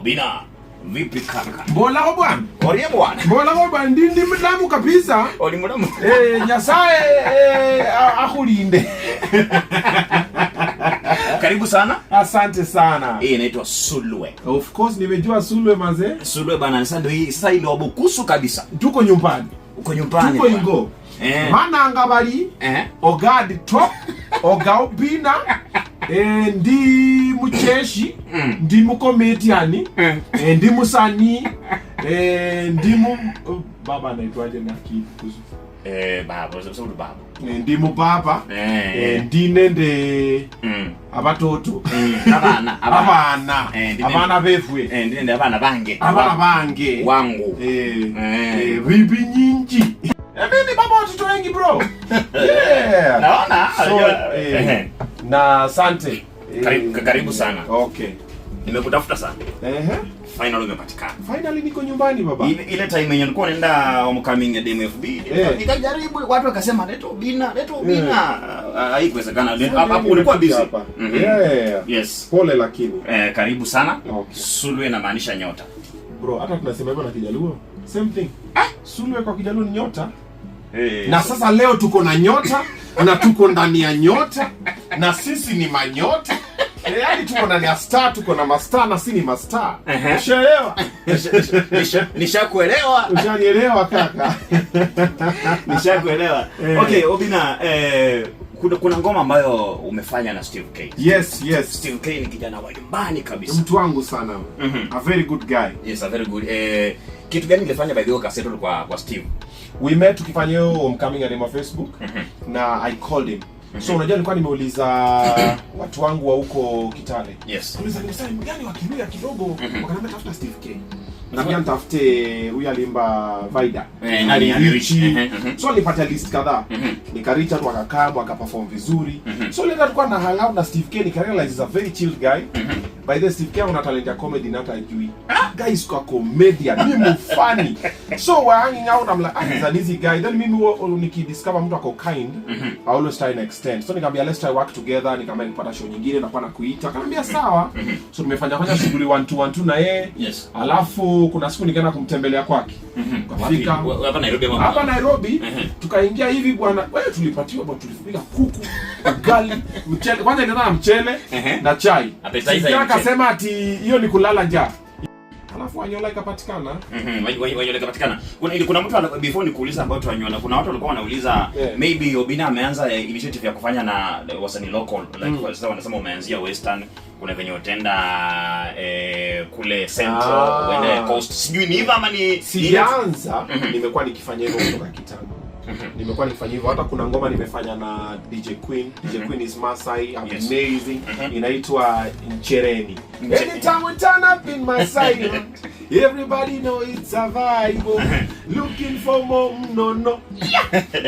Obina Vipi kaka? Mbola ho bwana. Oriye bwana. Mbola ho bwana ndindi mdamu kabisa. Oli mdamu. Eh, nyasae eh, akulinde. Karibu sana. Asante sana. Hii inaitwa Sulwe. Of course nimejua Sulwe maze. Sulwe bana, sasa ndio hii sasa ile wabukusu kabisa. Tuko nyumbani. Uko nyumbani. Tuko ingo. Eh. Mana angabali. Eh. Ogad top. Ogaubina. Eh, ndi mucheshi mm. ndi mukomediani eh. eh, ndi musanii e, ndi mu uh, baba anaitwaje nafikiri ndi mubaba ndi nende mm. abatoto mm, abana abana eh, abana bange abana bange wangu vipi nyinji mimi baba watoto wengi bro yeah so, eh, na asante. Karibu, eh, karibu sana. Okay. Nimekutafuta sana. uh-huh. Finally umepatikana. Finally niko nyumbani baba. Ile, ile time yenye nilikuwa naenda homecoming ya DMFB, yeah. Nikajaribu watu wakasema leto bina, leto bina. Yeah. Eh. Ah, Haikuwezekana. Hapo so, ulikuwa busy. Mm -hmm. Yeah, yeah, yeah. Yes. Pole lakini. Eh, karibu sana. Okay. Sulwe na maanisha nyota. Bro, hata tunasema hivyo na Kijaluo. Same thing. Ah, Sulwe kwa Kijaluo ni nyota. Hey, na so. Sasa leo tuko na nyota na tuko ndani ya nyota na sisi ni manyota eh, yaani tuko ndani ya star, tuko na mastaa na si ni mastaa. ushaelewa nishakuelewa, ushanielewa kaka, nishakuelewa. Eh. Okay, obina eh, kuna, kuna ngoma ambayo umefanya na Steve K. Yes, yes. Steve K ni kijana wa nyumbani kabisa. Mtu wangu sana. Mm -hmm. A very good guy. Yes, a very good. Eh, kitu gani nilifanya by the way cassette kwa kwa Steve? we met tukifanya hiyo homecoming at Facebook mhm. na I called him mhm. So unajua nilikuwa nimeuliza watu wangu wa huko Kitale. Yes. Nimeuliza ni wa kidogo mhm. wakaniambia tafuta Steve K. Naambia mtafute huyu alimba Vida. Eh, Alirichi. So nilipata list kadhaa. Nika reach out wakakaa vizuri. So leo tulikuwa na hangout na Steve K nikarealize is a very chill guy. By the Steve una talent ya comedy na hata ajui. Guy is kwa comedian, mimi mfani. So we're hanging out I'm like, ah, he's an easy guy. Then mimi uh, discover mtu ako kind, I always try and extend. So nikamwambia let's try work together, nikamwambia nipata show nyingine na pana kuita. Akaniambia sawa. So tumefanya fanya shughuli one to one tu na yeye. Yes. Alafu kuna siku nikaenda kumtembelea kwake. Mhm. Kafika hapa Nairobi mama. Hapa Nairobi mhm. tukaingia hivi bwana, wewe tulipatiwa bwana tulifika kuku, ugali, mchele. Kwanza ndio na mchele mhm. na chai. Appetizer akasema ati hiyo ni kulala nja Alafu Wanyola ikapatikana. Mhm, Wanyola ikapatikana. Kuna kuna mtu before ni nikuuliza about Wanyola, kuna watu walikuwa wanauliza yeah, maybe Obina ameanza eh, initiative ya kufanya na wasanii local like mm. Sasa wanasema umeanzia Western, kuna venye utenda eh, kule Central, ah, Coast. Sijui ni hivyo ama ni sijaanza, mhm. nimekuwa nikifanya hivyo kutoka kitambo. Mhm. nimekuwa nikifanya hivyo. Hata kuna ngoma nimefanya na DJ Queen, DJ mhm. Queen is Masai, amazing, mhm. inaitwa Nchereni. Anytime we turn up in Masai, everybody know it's a vibe. Looking for more, no no,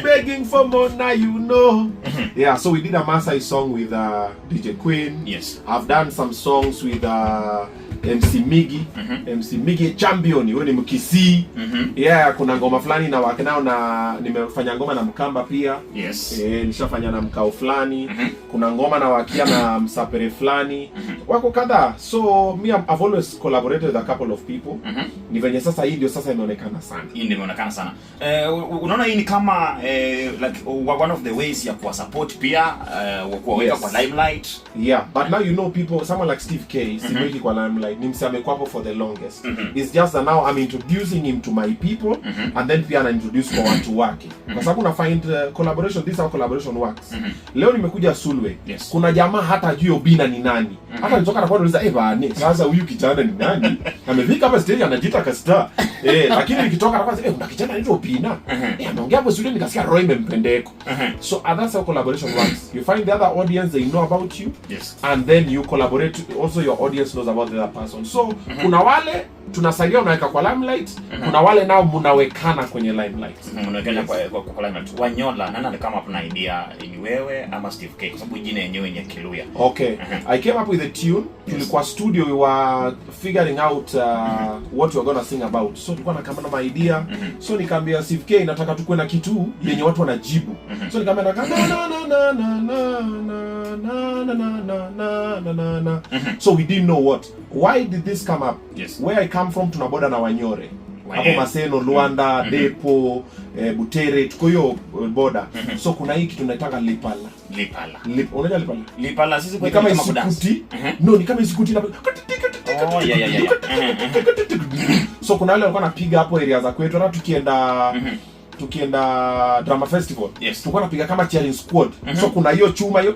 begging for more, now you know. Yeah, so we did a Masai song with uh, DJ Queen. Yes, I've done some songs with. Uh, MC Migi mm -hmm. MC Migi champion, yeye ni Mkisii mm -hmm. yeah, kuna ngoma fulani na wake nao, na nimefanya ngoma na Mkamba pia yes. Eh, nishafanya na mkao fulani mm -hmm. kuna ngoma na wakia na msapere fulani mm -hmm. wako kadhaa, so me I've always collaborated with a couple of people mm -hmm. ni venye sasa hii ndio sasa inaonekana sana, hii ndio inaonekana sana eh, unaona hii ni kama eh, like one of the ways ya kuwa support pia uh, e, kuwa yes. kwa limelight yeah but now you know people someone like Steve K mm -hmm. siweki kwa limelight I nimsame kwako for the longest mm -hmm. is just that now I'm introducing him to my people mm -hmm. and then pia na introduce kwa watu wake mm -hmm. kwa sababu na find uh, collaboration this how collaboration works mm -hmm. Leo nimekuja Sulwe yes. Kuna jamaa hata ajui Obina ni nani mm -hmm. Hata nitoka na kuuliza eh bana, sasa huyu kijana ni nani? Amefika hapa stage anajiita kasta eh, lakini nikitoka na kwanza eh, kuna kijana anaitwa Obina mm -hmm. Eh, ameongea hapo Sulwe nikasikia Roy Mempendeko mm -hmm. So uh, that's how collaboration works you find the other audience they know about you yes. and then you collaborate also your audience knows about the other person person so mm -hmm. kuna wale tunasaidia unaweka kwa limelight mm -hmm. kuna wale nao mnawekana kwenye limelight mm -hmm. yes. kwa, kwa, kwa limelight Wanyola nani ni kama kuna idea ni wewe ama Steve K kwa sababu jina yenyewe ni Kiluya okay mm -hmm. I came up with a tune tulikuwa yes. studio we were figuring out uh, mm -hmm. what we were going to sing about so tulikuwa na kama na idea mm -hmm. so nikamwambia Steve K nataka tukue na kitu yenye watu wanajibu mm -hmm. so nikamwambia na na na na na na na na na na na na na na mhm. So we didn't know what why did this come up yes. Where I come from tunaboda na Wanyore hapo Maseno, mm-hmm. Luanda, mm -hmm. Depo, eh, Butere tuko hiyo eh, boda. Mm -hmm. So kuna hii kitu tunaitanga Lipala. Lipala. Lip, Lipala? Lipala sisi kwa kama isikuti. Mm -hmm. No, ni kama isikuti oh, So kuna wale walikuwa napiga hapo area za kwetu hata tukienda mm-hmm. tukienda drama festival yes. tulikuwa napiga kama cheering squad mm -hmm. so kuna hiyo chuma hiyo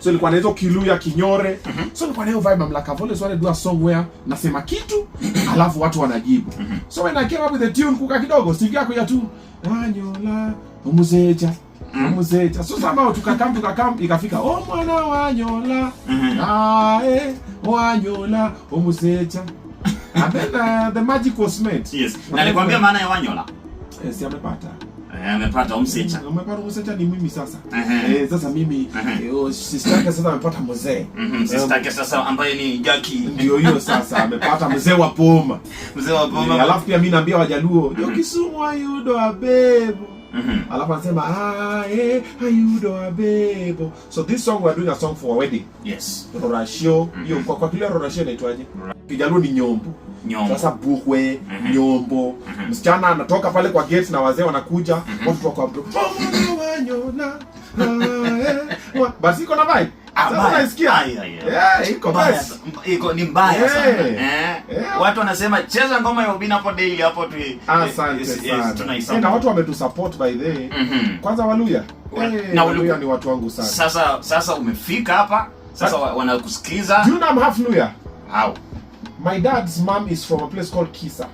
so ilikuwa na hizo Kiluya Kinyore mm -hmm. so ilikuwa na hiyo vibe mamlaka vole swale do a song where nasema kitu alafu watu wanajibu mm -hmm. so when I came up with the tune kuka kidogo sivyo yako ya tu wanyola umuzeja mhm. umuzeja so somehow tukakam tukakam ikafika oh mwana wanyola mm -hmm. ae wanyola umuzeja and then uh, the magic was made yes na nilikwambia maana ya wanyola yes eh, amepata Eh, amepata msicha, mm, amepata msicha ni mimi sasa. Eh, sasa mimi eh, oh, sister yake sasa amepata mzee, mhm, eh, sister yake sasa ambaye ni Jaki, ndio hiyo sasa, amepata mzee wa poma, mzee wa poma. Alafu pia mimi naambia Wajaluo mhm. yo Kisumu ayudo abebo Mm-hmm. Alafu anasema ah eh ayudo abebo. So this song we are doing a song for a wedding. Yes. Rorashio, hiyo mm -hmm. Kwa kwa kile rorashio inaitwaje? Kijaluo ni nyombo. Sasa buhwe mm -hmm. nyombo mm -hmm. msichana anatoka pale kwa gate na wazee wanakuja mm -hmm. watu wako hapo oh, basi iko na vibe iko ni mbaya eh, sana eh. eh. Watu wanasema cheza ngoma ya ubina hapo daily hapo tu. Asante sana eh, na watu wametusupport by the way. Mhm. Kwanza Waluya na Waluya ni watu wangu sana. Sasa sasa umefika hapa sasa wanakusikiza. Do you know I'm half Luya? How? My dad's mom is from a place called Kisa.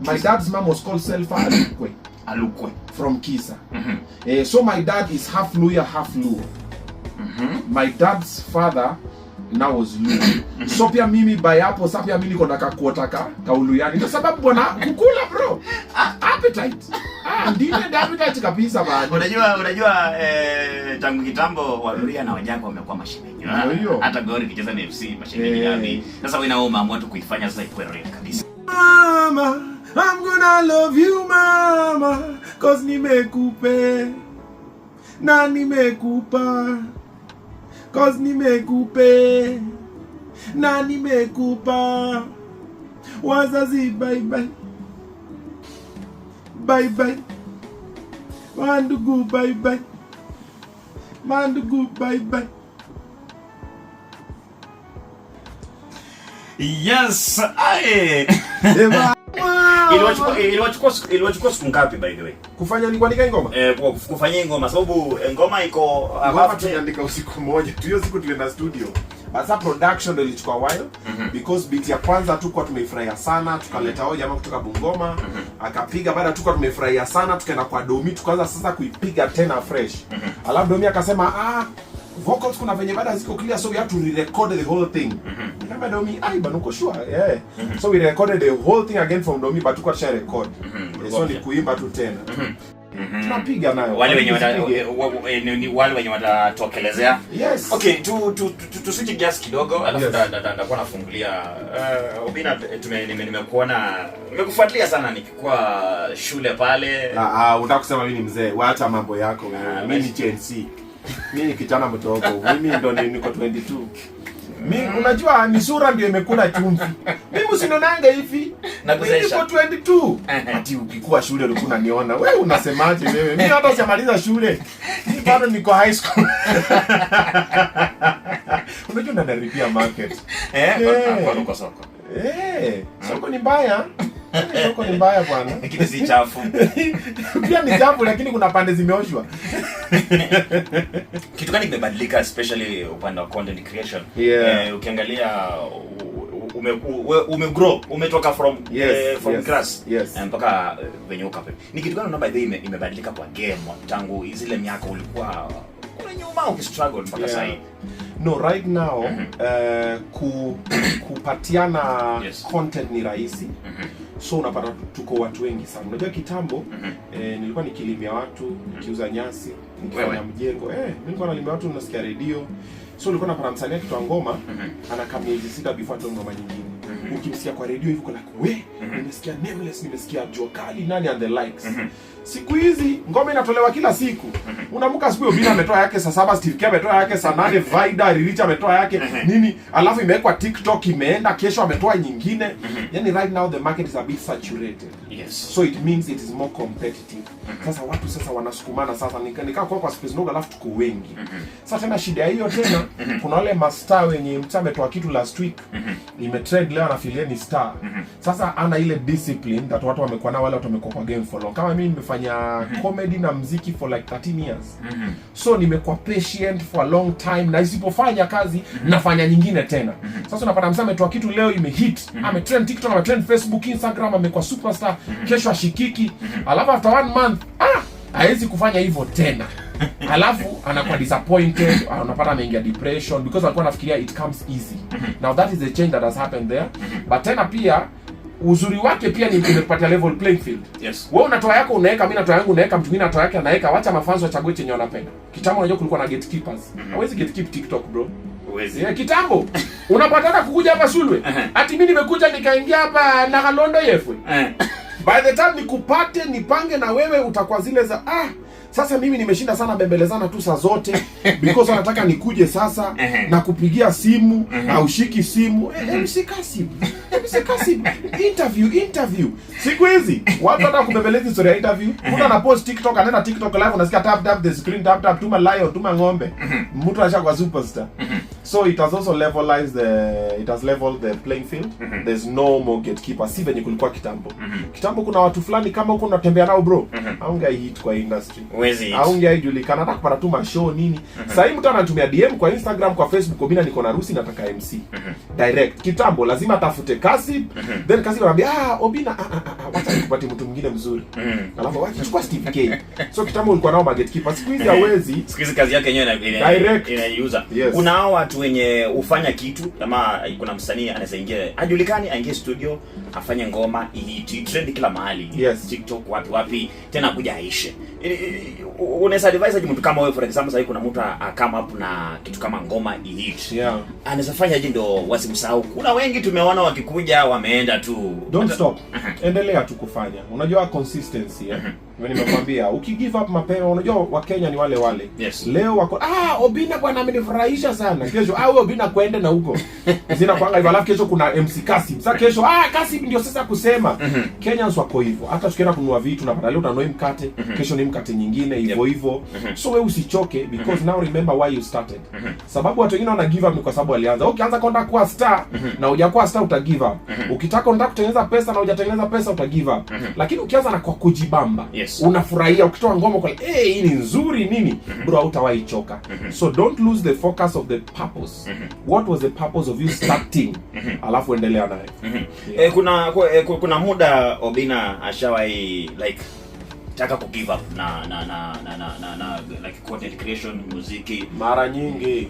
My Kisa. dad's mom was called Selfa Alukwe. Alukwe. From Kisa. Mm -hmm. uh, so my dad is half Luya, half Luo. Mm -hmm. My dad's father now was Luo. Mm -hmm. so pia mimi by hapo sa pia mimi niko na kauluyani kwa sababu bwana kukula bro ah. appetite Ndiyo Unajua unajua eh, tangu kitambo Waluria na Wajaka wamekuwa mashemeji. Hata Gori kicheza na FC mashemeji yani. Eh. Sasa wewe umeamua tu kuifanya sasa ikuwe real kabisa. Mama, I'm gonna love you mama cause nimekupe na nimekupa cause nimekupe na nimekupa wazazi bye bye bye-bye. Man to go bye-bye. Man to go bye-bye. Yes, aye. Iliwachukua eh, iliwachukua iliwachukua siku ngapi by the way? Kufanya ni kuandika ngoma? Eh, kwa kufanya ngoma sababu eh, ngoma iko hapa tunaandika usiku mmoja. Tu hiyo siku tulienda studio. Sasa production ndio ilichukua while mm -hmm. because beat ya kwanza tu kwa tumeifurahia sana, tukaleta hoja jamaa kutoka Bungoma mm -hmm. akapiga, baada tu kwa tumeifurahia sana, tukaenda kwa Domi tukaanza sasa kuipiga tena fresh mm -hmm. alafu Domi akasema ah vocals kuna venye bado ziko clear so we have to re-record the whole thing. Mm -hmm. Kama Domi ai bana uko sure? Yeah. Mm -hmm. So we recorded the whole thing again from Domi but tukashare record. Mm -hmm. So ni kuimba tu tena. Mm -hmm. Mhm. Tunapiga nayo wale wenye eh, wale wenye watatokelezea. Yes. Okay, tu tu switch gas kidogo alafu ndakuwa nafungulia. Eh, Obina, eh, nimekuona nimekufuatilia sana nikikuwa shule pale. Ah, ah unataka kusema mimi ni mzee? waacha mambo yako. Ah, mimi ni Gen Z. Mimi ni kijana mdogo. Mimi ndo niko 22. Mi, unajua misura ndio imekula chumvi. Mimi sinionanga hivi. Na kuzesha. Niko 22. Ati ukikuwa shule ulikuwa unaniona. Wewe unasemaje wewe? Mimi hata sijamaliza shule. Bado niko high school. Unajua nanaribia market. Eh, yeah. Kwa soko. Eh, soko ni mbaya. Huko ni mbaya bwana. Lakini si chafu. Pia ni chafu lakini kuna pande zimeoshwa. Kitu gani kimebadilika especially upande wa content creation? Yeah. Eh, ukiangalia ume, ume grow, umetoka from eh, yes, eh, from yes, grass yes. Eh, mpaka eh, venye uko hapa. Ni kitu gani unaona by the way imebadilika kwa game tangu zile miaka ulikuwa kule nyuma ukistruggle mpaka yeah. sasa No, right now mm -hmm. uh, ku, kupatiana yes. content ni rahisi. Mm -hmm so unapata tuko watu wengi sana. Unajua kitambo mm -hmm. eh, nilikuwa nikilimia watu mm -hmm. nikiuza nyasi nikifanya mjengo eh, nilikuwa nalimia watu, nasikia redio, so nilikuwa napata msanii akitoa ngoma mm -hmm. anakaa miezi sita before ngoma nyingine ukimsikia kwa redio hivi kuna kuwe mhm. nimesikia nameless, nimesikia jua kali nani and the likes. Mhm. Siku hizi ngoma inatolewa kila siku. Mhm. siku hiyo Obina ametoa yake saa saba, Steve Kebe ametoa yake saa nane, Vida Riricha ametoa yake nini, alafu imewekwa TikTok, imeenda kesho ametoa nyingine. Yani right now the market is a bit saturated. Yes. So it means it is more competitive. Sasa watu sasa wanasukumana sasa nika, nika kwa kwa space ndogo alafu tuko wengi. Sasa tena shida hiyo tena kuna wale mastaa wenye mtu ametoa kitu last week, imetrend leo na Filie ni star. Mm -hmm. Sasa ana ile discipline that watu wamekuwa nao, wale watu wamekuwa kwa game for long. Kama mimi nimefanya mm -hmm. comedy na mziki for like 13 years. Mm -hmm. So nimekuwa patient for a long time na isipofanya kazi mm -hmm. nafanya nyingine tena. Mm -hmm. Sasa unapata msame ametoa kitu leo imehit. Mm -hmm. Ame trend TikTok, ame trend Facebook, Instagram, amekuwa superstar. Mm -hmm. Kesho ashikiki. Mm -hmm. Alafu after one month, ah, hawezi kufanya hivyo tena. Alafu anakuwa disappointed, unapata ameingia depression because alikuwa anafikiria it comes easy. Mhm. Now that is the change that has happened there. But tena pia uzuri wake pia ni kupatia level playing field. Yes. Wewe unatoa yako unaweka, mimi natoa yangu unaweka, mtu mwingine anatoa yake anaweka, wacha mafanzo achague chenye wanapenda. Kitambo unajua kulikuwa na gatekeepers. Mhm. Hawezi gatekeep TikTok bro. Uwezi. Yeah, kitambo. Unapataka kukuja hapa Sulwe. Ati mimi nimekuja nikaingia hapa na Kalondo yefwe. By the time nikupate nipange na wewe utakuwa zile za ah sasa mimi nimeshinda sana bembelezana tu saa zote because anataka nikuje sasa na kupigia simu na ushiki simu, eh, eh mhm. msikasi kabisa Sekasi interview interview. Siku hizi watu hata kubembeleza historia interview. Mtu anapost TikTok, anaenda TikTok live, unasikia tap tap the screen tap tap, tuma lion, tuma ng'ombe. Mtu kwa superstar. So it has also levelized the it has leveled the playing field. There's no more gatekeeper. Si venye kulikuwa kitambo. Kitambo kuna watu fulani kama huko unatembea nao bro. Haungai hit kwa industry. wezi Haungai julikana hata kupata tuma show nini. Sasa hivi mtu anatumia DM kwa Instagram, kwa Facebook, kwa mimi niko na ruhusa nataka MC. Direct. Kitambo lazima tafute ka Kasip. Then Kasip anambia ah, Obina ah, ah, ah kwanza tupate mtu mwingine mzuri. Mm. Alafu wacha chukua Steve K. So kitambo ulikuwa nao market keeper. Siku hizi eh. hawezi. Siku hizi kazi yake yenyewe ina inaiuza. Yes. Kuna hao watu wenye ufanya kitu kama kuna msanii anaweza ingia ajulikani, aingie studio, afanye ngoma ili trend kila mahali. Yes. TikTok watu wapi tena kuja aishe. Unaweza advise aje mtu kama wewe for example, sasa kuna mtu come up na kitu kama ngoma ili Yeah. Anaweza fanya aje ndo wasimsahau. Kuna wengi tumeona wakikuja wameenda tu. Don't stop. Endelea hatukufanya, unajua consistency eh? Mhm nimekwambia ukigive up mapema, unajua Wakenya ni wale wale. Yes. Leo wako ah, Obina bwana amenifurahisha sana. Kesho ah, wewe Obina kwende na huko. Zina kwanga hivyo, alafu kesho kuna MC Kasim. Sasa kesho ah, Kasim ndio sasa kusema. Mm -hmm. Kenyans wako hivyo. Hata tukienda kununua vitu na badala unanoi mkate, mm -hmm. kesho ni mkate nyingine hivyo yep. hivyo. Mm -hmm. So wewe usichoke because mm -hmm. now remember why you started. Mm -hmm. Sababu watu wengine wana give up ni kwa sababu walianza. Ukianza kwenda kuwa star mm -hmm. na hujakuwa star uta give up. Mm -hmm. Ukitaka unataka kutengeneza pesa na hujatengeneza pesa uta give up. Mm -hmm. Lakini ukianza na kwa kujibamba. Yes yes. unafurahia ukitoa ngoma kwa hey, hii ni nzuri nini mm -hmm. bro hautawahi choka mm -hmm. so don't lose the focus of the purpose mm -hmm. what was the purpose of you starting mm -hmm. alafu endelea naye mm -hmm. yeah. eh, kuna eh, kuna muda Obina ashawahi like taka ku give up na na na na na, na, na like content creation muziki mara nyingi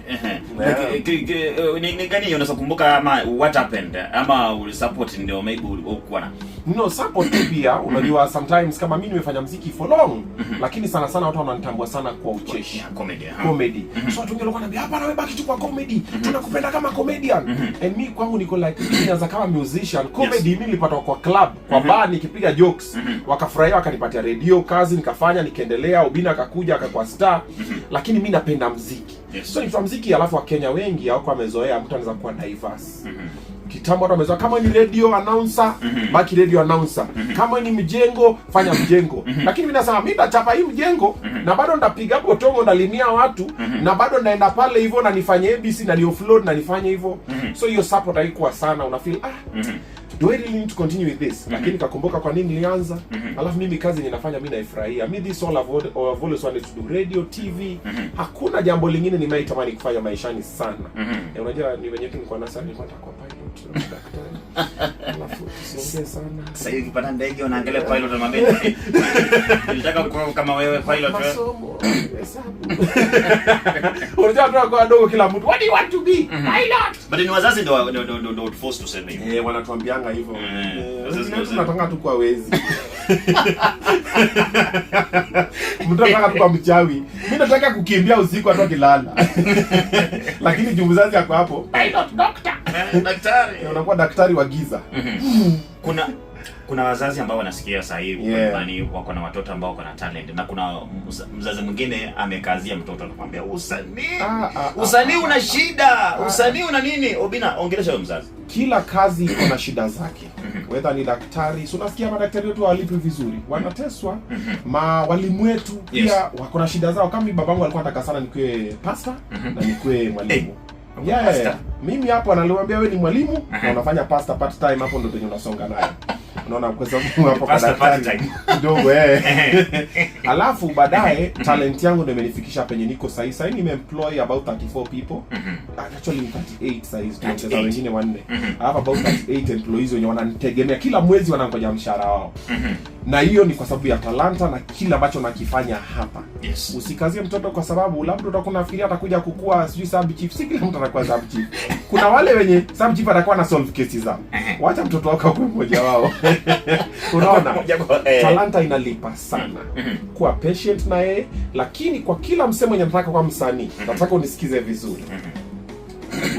eh, eh, ni gani unaweza kumbuka ama what happened ama support ndio maybe ulikuwa na no sako tu pia unajua sometimes kama mimi nimefanya mziki for long mm -hmm. lakini sana sana watu wananitambua sana kwa ucheshi yeah, comedy, huh? comedy. Mm -hmm. so watu wengine wanaambia hapa nawebaki tu kwa comedy mm -hmm. tunakupenda kama comedian mm -hmm. and mi kwangu niko like nianza kama musician comedy yes. mi nilipata kwa club kwa mm -hmm. bar nikipiga jokes mm -hmm. wakafurahia wakanipatia radio kazi nikafanya nikaendelea ubina akakuja akakuwa star mm -hmm. lakini mi napenda mziki yes. so nikifanya mziki alafu wa Kenya wengi hawako wamezoea mtu anaweza kuwa diverse mm -hmm kitambo watu wamezoea. Kama ni radio announcer mm-hmm. baki radio announcer, mm-hmm. kama ni mjengo fanya mjengo. mm-hmm. Lakini mimi nasema mimi nitachapa hii mjengo mm-hmm. na bado ndapiga botongo limia watu mm-hmm. na bado naenda pale hivyo na nifanye ABC na ni offload na nifanye hivyo, mm-hmm. so hiyo support haikuwa sana, una feel ah mm-hmm. do I really need to continue with this? Mm -hmm. Lakini kakumbuka kwa nini nilianza. Mm -hmm. Alafu mimi kazi ninafanya mimi naifurahia. Mimi this all I've always wanted to do radio, TV. Mm -hmm. Hakuna jambo lingine nimeitamani kufanya maishani sana. Mm -hmm. E, unajua ni wenyewe nilikuwa nasa nilikuwa nitakuwa sasa ukipata ndege unaangalia pilot, nilitaka kama wewe pilot. Unajua kila mtu. What do you want to be? Mhm. Pilot. But ni wazazi ndio ndio ndio ndio force Eh, wanatuambianga hivyo. Eh, eh, tu kwa wezi. Mtu anataka tu kwa mchawi. Mimi nataka kukimbia usiku atoke Lakini juu yako hapo. Pilot, doctor. Eh, daktari unakuwa daktari wa giza. Mhm. Kuna kuna wazazi ambao wanasikia sasa hivi yeah. wako na watoto ambao wako na talent na kuna mzazi mwingine amekazia mtoto anakuambia usanii, ah, ah, ah, usanii una shida, usanii una nini. obina ongelesha huyo mzazi. Kila kazi iko na shida zake mhm. Wedha ni daktari, si unasikia madaktari wetu hawalipwi vizuri, mhm. wanateswa. Ma walimu wetu pia yes. wako na shida zao. Kama babangu alikuwa anataka sana nikuwe pasta na nikuwe mwalimu hey, yeah. Mimi hapo analiambia wewe ni mwalimu na unafanya pasta part time, hapo ndio penye unasonga naye Unaona, kwa sababu hapo kwa daktari kidogo eh. Alafu baadaye talent yangu ndio imenifikisha penye niko sasa. Sasa employ about 34 people. Ah, actually 38 size tunaongeza wengine wanne. Alafu about 38 employees wenye wananitegemea kila mwezi wanangoja mshahara wao. Na hiyo ni kwa sababu ya talanta na kila ambacho nakifanya hapa. Yes. Usikazie mtoto kwa sababu labda utakuwa unafikiria atakuja kukua sijui sub chief. Si kila mtu anakuwa sub chief kuna wale wenye Sam Chief atakuwa na solve kesi za wacha mtoto wako akuwe mmoja wao. Unaona, eh. talanta inalipa sana, mm-hmm. Mm-hmm. kuwa patient na yeye. Lakini kwa kila msee mwenye nataka kwa msanii, mm-hmm. nataka unisikize vizuri.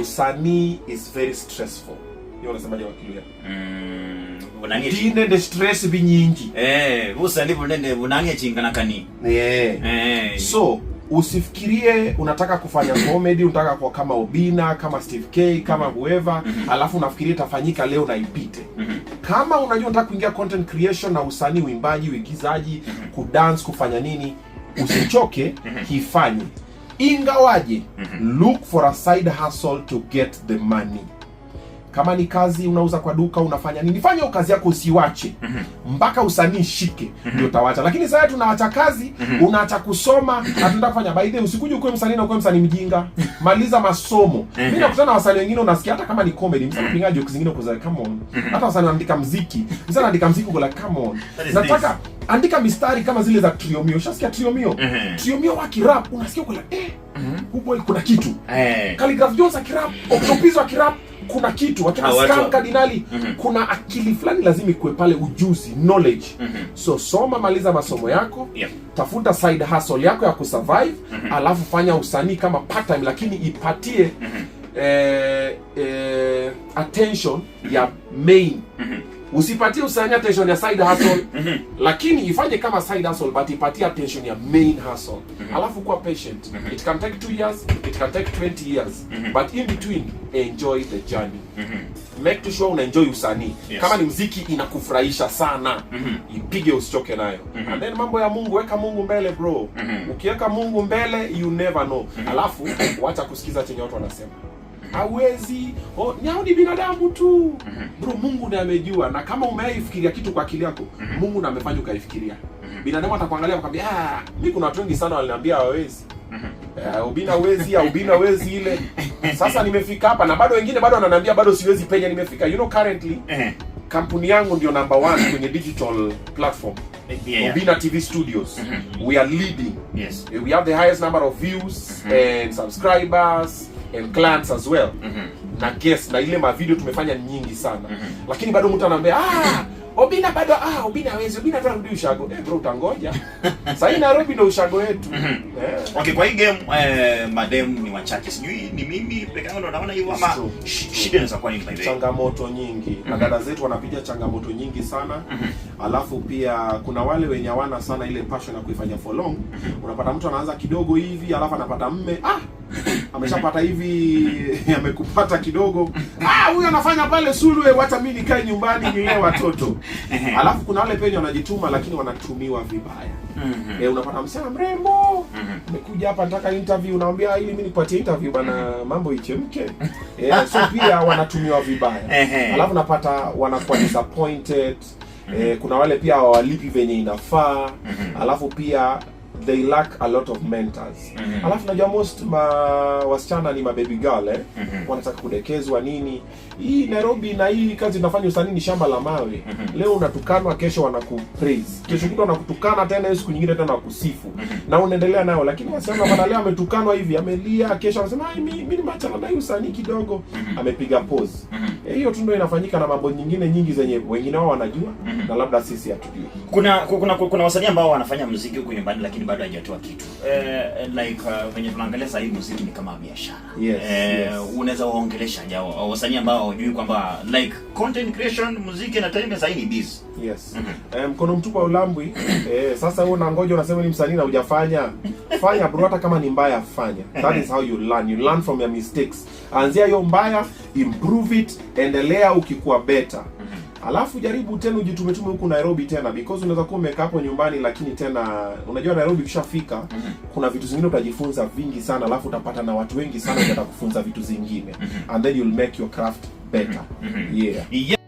Usanii is very stressful. Hiyo unasema ni wakilia mm, ndine stress binyingi eh, usanii bunene bunanye chingana kani eh, so usifikirie unataka kufanya comedy, unataka kuwa kama Obina, kama Steve K, kama mhm. whoever, mhm. alafu unafikiria itafanyika leo na ipite. Mhm. Kama unajua unataka kuingia content creation na usanii, uimbaji, uigizaji, kudance, kufanya nini, usichoke, hifanye ingawaje, look for a side hustle to get the money. Kama ni kazi unauza kwa duka, unafanya nini, fanya kazi yako, usiwache mhm. mpaka usanii shike, mhm. ndio utawacha. Lakini sasa tunawacha kazi, mhm. unaacha kusoma, hatunda kufanya. By the way, usikuje ukuwe msanii na ukuwe msanii mjinga, maliza masomo. Mimi nakutana na wasanii wengine, unasikia hata kama ni comedy, msanii anapiga jokes zingine, kwa come on. Hata wasanii wanaandika muziki, msanii anaandika muziki kwa like come on, nataka andika mistari kama zile za Triomio. Ushasikia Triomio? Triomio wa kirap unasikia kwa like eh, huko kuna kitu. Khaligraph eh. Jones akirap, Octopizzo akirap kuna kitu wakina Scam mm -hmm. kuna akili fulani lazima ikuwe pale, ujuzi knowledge mm -hmm. so soma, maliza masomo yako yeah. tafuta side hustle yako ya kusurvive mm -hmm. alafu fanya usanii kama part time, lakini ipatie mm -hmm. eh, eh, attention mm -hmm. ya main mm -hmm. Usipatie usanya attention ya side hustle mhm. lakini ifanye kama side hustle but ipatie attention ya main hustle. Mhm. Alafu kuwa patient. Mhm. It can take 2 years, it can take 20 years, but in between enjoy the journey. Make to sure una enjoy usanii. Yes. Kama ni mziki inakufurahisha sana, ipige usichoke nayo. And then mambo ya Mungu, weka Mungu mbele bro. Ukiweka Mungu mbele you never know. Alafu wacha kusikiza chenye watu wanasema hawezi oh, nyao ni binadamu tu mhm. bro. Mungu ndiye amejua, na kama umeifikiria kitu kwa akili yako, mhm. Mungu ndiye amefanya ukaifikiria. Mhm. Binadamu atakuangalia akwambia, ah, mimi kuna watu wengi sana waliniambia hawawezi Uh, ubina wezi au ubina wezi ile. Sasa nimefika hapa na bado wengine bado wananiambia bado siwezi penya nimefika. You know currently eh. kampuni yangu ndio number one kwenye digital platform. Eh, yeah. Ubina TV Studios. Mm -hmm. We are leading. Yes. We have the highest number of views mm -hmm. and subscribers and clients as well mm -hmm. na guests na ile mavideo tumefanya nyingi sana mm -hmm. lakini bado mtu anaambia ah Obina bado ah, Obina hawezi, Obina tu anarudi ushago. Eh bro, utangoja. Sasa hii Nairobi ndio ushago wetu. Mm -hmm. yeah. Okay, kwa hii game eh, madem ni wachache. Sijui ni mimi peke yangu ndo naona hiyo ama shida inaweza kwa nini by the way. Changamoto nyingi. Mm -hmm. Madada zetu wanapitia changamoto nyingi sana. Mm -hmm. Alafu pia kuna wale wenye hawana sana ile passion ya kuifanya for long. Mm -hmm. Unapata mtu anaanza kidogo hivi, alafu anapata mme ah ameshapata hivi amekupata kidogo, ah, huyo anafanya pale Sulwe, wacha mimi nikae nyumbani nilee watoto. Alafu kuna wale penye wanajituma lakini wanatumiwa vibaya. Mm -hmm. Eh, unapata msema mrembo, nimekuja mhm. mm -hmm. hapa nataka interview, unamwambia ah, ili mimi nipatie interview bana, mambo ichemke. Eh, so pia wanatumiwa vibaya. Alafu napata wanakuwa disappointed. E, kuna wale pia hawalipi venye inafaa. Mhm. Alafu pia they lack a lot of mentors mm -hmm. Alafu najua most ma wasichana ni mababy girl eh? mm -hmm. Wanataka kudekezwa nini, hii Nairobi na hii kazi inafanya usanii ni shamba la mawe mm -hmm. Leo unatukanwa, kesho wanakupraise, mhm. kesho kuta wanakutukana tena, hiyo siku nyingine tena wakusifu mm -hmm. Na unaendelea nayo, lakini wasichana bana, leo ametukanwa hivi, amelia, kesho anasema ai, mimi mimi machana na hii usanii kidogo mm -hmm. Amepiga pose mm -hmm. Eh, hiyo tu ndio inafanyika na mambo nyingine nyingi zenye wengine wao wanajua mm -hmm. Na labda sisi hatujui. Kuna kuna kuna, kuna wasanii ambao wanafanya muziki huko nyumbani lakini bado hajatoa kitu eh, eh, like uh, venye tunaangalia sasa hivi muziki ni kama biashara yes, eh, yes. Unaweza waongelesha ja wasanii ambao hawajui kwamba like content creation muziki na time sasa ni biz yes mm -hmm. eh, mkono mtupu wa ulambwi eh, sasa wewe unangoja unasema ni msanii na hujafanya fanya bro, hata kama ni mbaya fanya. That is how you learn, you learn from your mistakes. Anzia hiyo mbaya, improve it, endelea ukikuwa better mm-hmm. Alafu jaribu tena ujitumetume huku Nairobi tena because unaweza kuwa umekaa hapo nyumbani, lakini tena unajua Nairobi kishafika mm -hmm. kuna vitu zingine utajifunza vingi sana, alafu utapata na watu wengi sana watakufunza vitu zingine mm -hmm. and then you'll make your craft better mm -hmm. yeah. yeah.